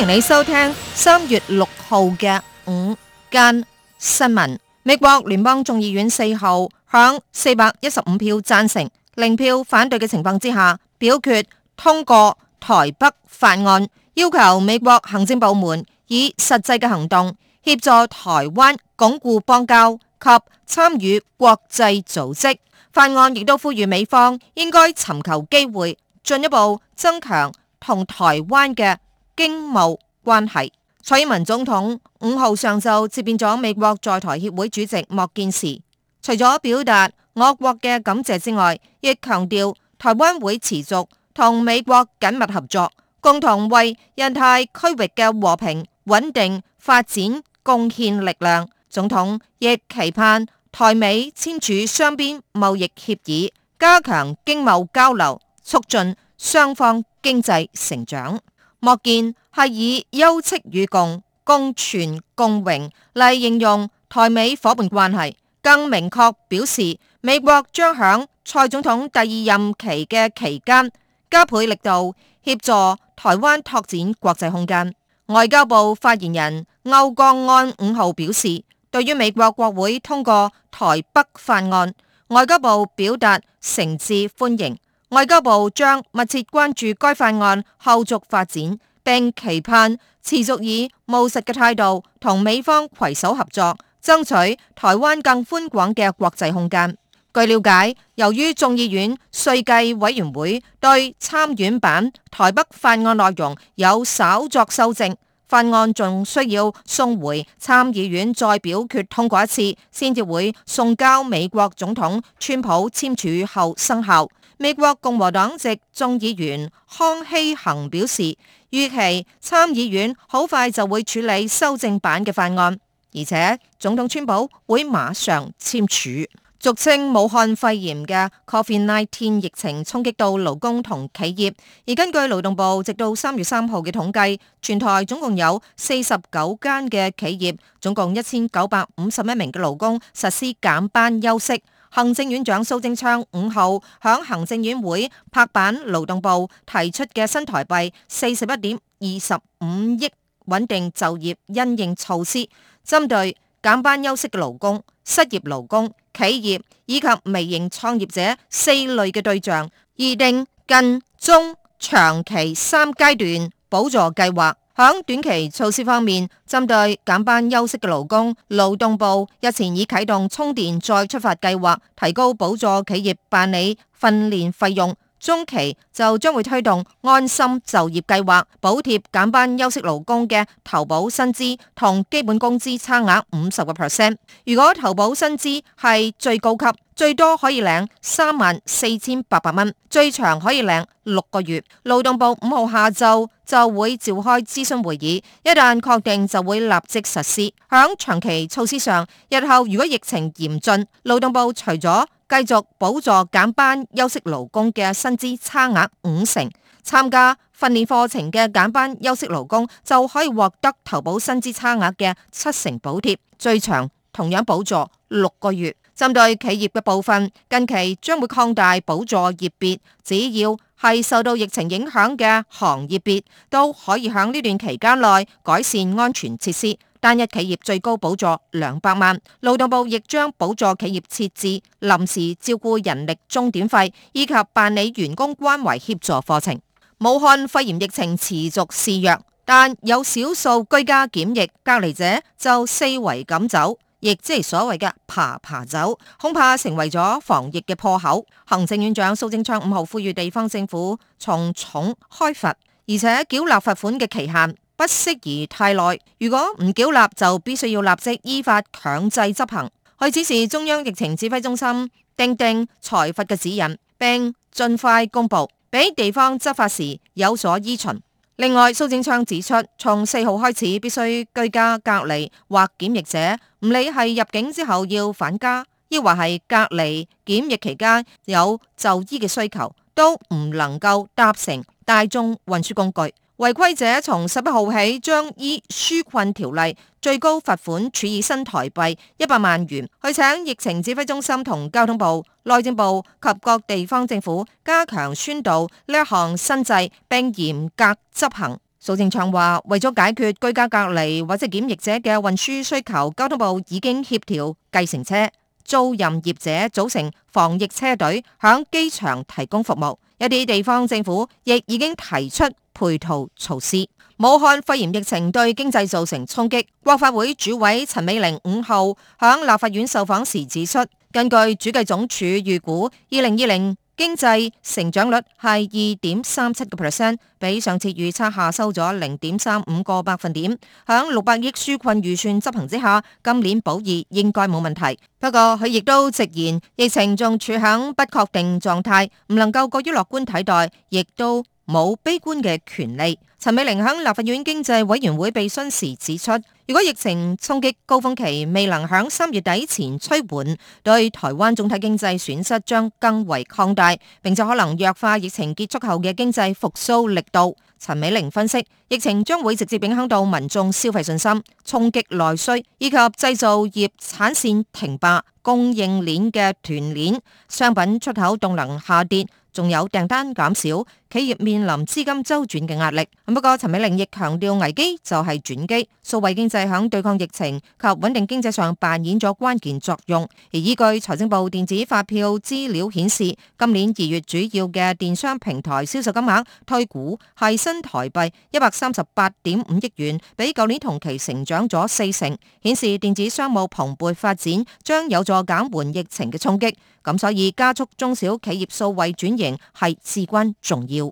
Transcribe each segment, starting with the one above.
歡迎你收聽三月六號嘅午間新聞。美國聯邦眾議院四號響四百一十五票贊成、零票反對嘅情況之下，表決通過台北法案，要求美國行政部門以實際嘅行動協助台灣鞏固邦交及參與國際組織。法案亦都呼籲美方應該尋求機會，進一步增強同台灣嘅。經貿關係，蔡英文總統五號上晝接見咗美國在台協會主席莫健時，除咗表達我國嘅感謝之外，亦強調台灣會持續同美國緊密合作，共同為印太區域嘅和平穩定發展貢獻力量。總統亦期盼台美簽署雙邊貿易協議，加強經貿交流，促進雙方經濟成長。莫健係以休戚與共、共存共榮嚟形容台美伙伴關係，更明確表示美國將響蔡總統第二任期嘅期間加倍力道協助台灣拓展國際空間。外交部發言人歐江安五號表示，對於美國國會通過台北法案，外交部表達誠摯歡迎。外交部將密切關注該法案後續發展，並期盼持續以務實嘅態度同美方攜手合作，爭取台灣更寬廣嘅國際空間。據了解，由於眾議院稅計委員會對參院版台北法案內容有稍作修正，法案仲需要送回參議院再表決通過一次，先至會送交美國總統川普簽署後生效。美國共和黨籍眾議員康希恒表示，預期參議院好快就會處理修正版嘅法案，而且總統川普會馬上簽署。俗稱武漢肺炎嘅 Covid-19 f n 疫情衝擊到勞工同企業，而根據勞動部，直到三月三號嘅統計，全台總共有四十九間嘅企業，總共一千九百五十一名嘅勞工實施減班休息。行政院長蘇貞昌五號向行政院會拍板，勞動部提出嘅新台幣四十一點二十五億穩定就業因應措施，針對減班休息嘅勞工、失業勞工、企業以及微型創業者四類嘅對象，擬定近、中、長期三階段補助計劃。喺短期措施方面，針對減班休息嘅勞工，勞動部日前已啟動充電再出發計劃，提高補助企業辦理訓練費用。中期就將會推動安心就業計劃，補貼減班休息勞工嘅投保薪資同基本工資差額五十個 percent。如果投保薪資係最高級。最多可以領三萬四千八百蚊，最長可以領六個月。勞動部五號下晝就會召開諮詢會議，一旦確定就會立即實施。響長期措施上，日後如果疫情嚴峻，勞動部除咗繼續補助減班休息勞工嘅薪資差額五成，參加訓練課程嘅減班休息勞工就可以獲得投保薪資差額嘅七成補貼，最長同樣補助六個月。針對企業嘅部分，近期將會擴大補助業別，只要係受到疫情影響嘅行業別，都可以喺呢段期間內改善安全設施。單一企業最高補助兩百萬。勞動部亦將補助企業設置臨時照顧人力鐘點費，以及辦理員工關懷協助課程。武漢肺炎疫情持續肆虐，但有少數居家檢疫隔離者就四圍咁走。亦即係所謂嘅爬爬走，恐怕成為咗防疫嘅破口。行政院長蘇貞昌五號呼籲地方政府從重開罰，而且繳納罰款嘅期限不適宜太耐。如果唔繳納，就必須要立即依法強制執行。佢指示中央疫情指揮中心訂定裁罰嘅指引，並盡快公布，俾地方執法時有所依循。另外，蘇貞昌指出，從四號開始，必須居家隔離或檢疫者，唔理係入境之後要返家，抑或係隔離檢疫期間有就醫嘅需求，都唔能夠搭乘大眾運輸工具。違規者從十一號起將依、e、紓困條例最高罰款處以新台幣一百萬元。去請疫情指揮中心同交通部、內政部及各地方政府加強宣導呢一項新制，並嚴格執行。蘇貞昌話：為咗解決居家隔離或者檢疫者嘅運輸需求，交通部已經協調計程車租賃業者組成防疫車隊，響機場提供服務。一啲地方政府亦已經提出配套措施。武漢肺炎疫情對經濟造成衝擊，國發會主委陳美仱五號響立法院受訪時指出，根據主計總署預估，二零二零經濟成長率係二點三七個 percent，比上次預測下收咗零點三五個百分點。響六百億紓困預算執行之下，今年保二應該冇問題。不過佢亦都直言，疫情仲處響不確定狀態，唔能夠過於樂觀睇待，亦都冇悲觀嘅權利。陳美仱響立法院經濟委員會備詢時指出，如果疫情衝擊高峰期未能喺三月底前趨緩，對台灣總體經濟損失將更為擴大，並且可能弱化疫情結束後嘅經濟復甦力度。陳美伶分析，疫情將會直接影響到民眾消費信心，衝擊內需，以及製造業產線停擺、供應鏈嘅斷鏈、商品出口動能下跌，仲有訂單減少，企業面臨資金周轉嘅壓力。不過，陳美伶亦強調，危機就係轉機，數位經濟。係響對抗疫情及穩定經濟上扮演咗關鍵作用，而依據財政部電子發票資料顯示，今年二月主要嘅電商平台銷售金額推估係新台幣一百三十八點五億元，比舊年同期成長咗四成，顯示電子商務蓬勃發展將有助減緩疫情嘅衝擊。咁所以加速中小企業數位轉型係至關重要。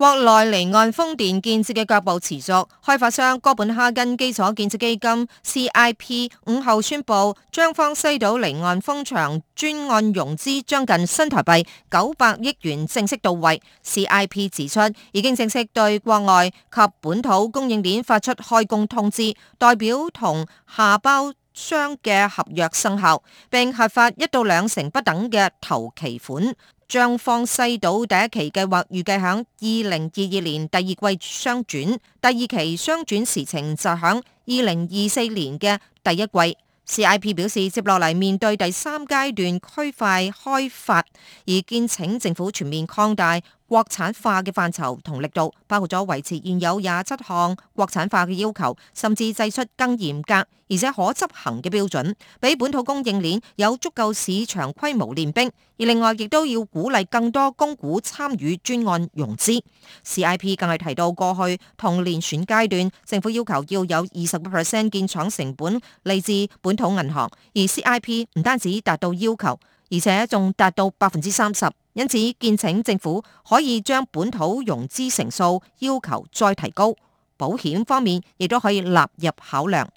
國內離岸風電建設嘅腳步持續，開發商哥本哈根基礎建設基金 CIP 午後宣布，將方西島離岸風場專案融資將近新台幣九百億元正式到位。CIP 指出，已經正式對國外及本土供應鏈發出開工通知，代表同下包。商嘅合約生效，並核發一到兩成不等嘅頭期款。彰芳西島第一期計劃預計響二零二二年第二季商轉，第二期商轉時程就響二零二四年嘅第一季。CIP 表示，接落嚟面對第三階段區塊開發，而建請政府全面擴大。國產化嘅範疇同力度，包括咗維持現有廿七項國產化嘅要求，甚至制出更嚴格而且可執行嘅標準，俾本土供應鏈有足夠市場規模練兵。而另外，亦都要鼓勵更多公股參與專案融資。CIP 更係提到過去同遴選階段，政府要求要有二十 percent 建廠成本嚟自本土銀行，而 CIP 唔單止達到要求。而且仲達到百分之三十，因此建請政府可以將本土融資成數要求再提高。保險方面亦都可以納入考量。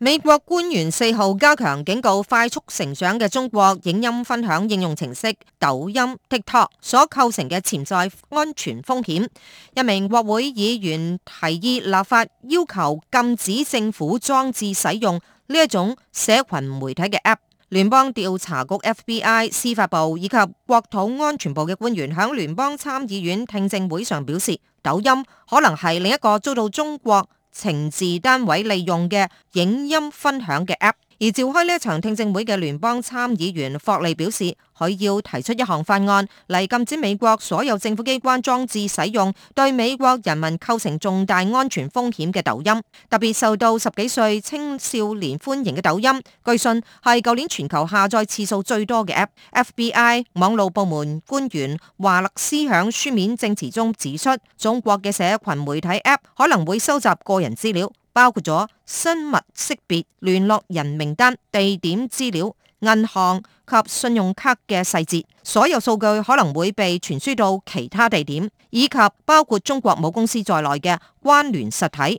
美國官員四號加強警告快速成長嘅中國影音分享應用程式抖音 TikTok 所構成嘅潛在安全風險。一名國會議員提議立法要求禁止政府裝置使用呢一種社群媒體嘅 App。聯邦調查局 （FBI）、司法部以及國土安全部嘅官員喺聯邦參議院聽證會上表示，抖音可能係另一個遭到中國情治單位利用嘅影音分享嘅 App。而召開呢一場聽證會嘅聯邦參議員霍利表示，佢要提出一項法案嚟禁止美國所有政府機關裝置使用對美國人民構成重大安全風險嘅抖音，特別受到十幾歲青少年歡迎嘅抖音。據信係舊年全球下載次數最多嘅 App。FBI 網路部門官員華勒斯喺書面證詞中指出，中國嘅社群媒體 App 可能會收集個人資料。包括咗生物識別、聯絡人名單、地點資料、銀行及信用卡嘅細節，所有數據可能會被傳輸到其他地點，以及包括中國母公司在內嘅關聯實體。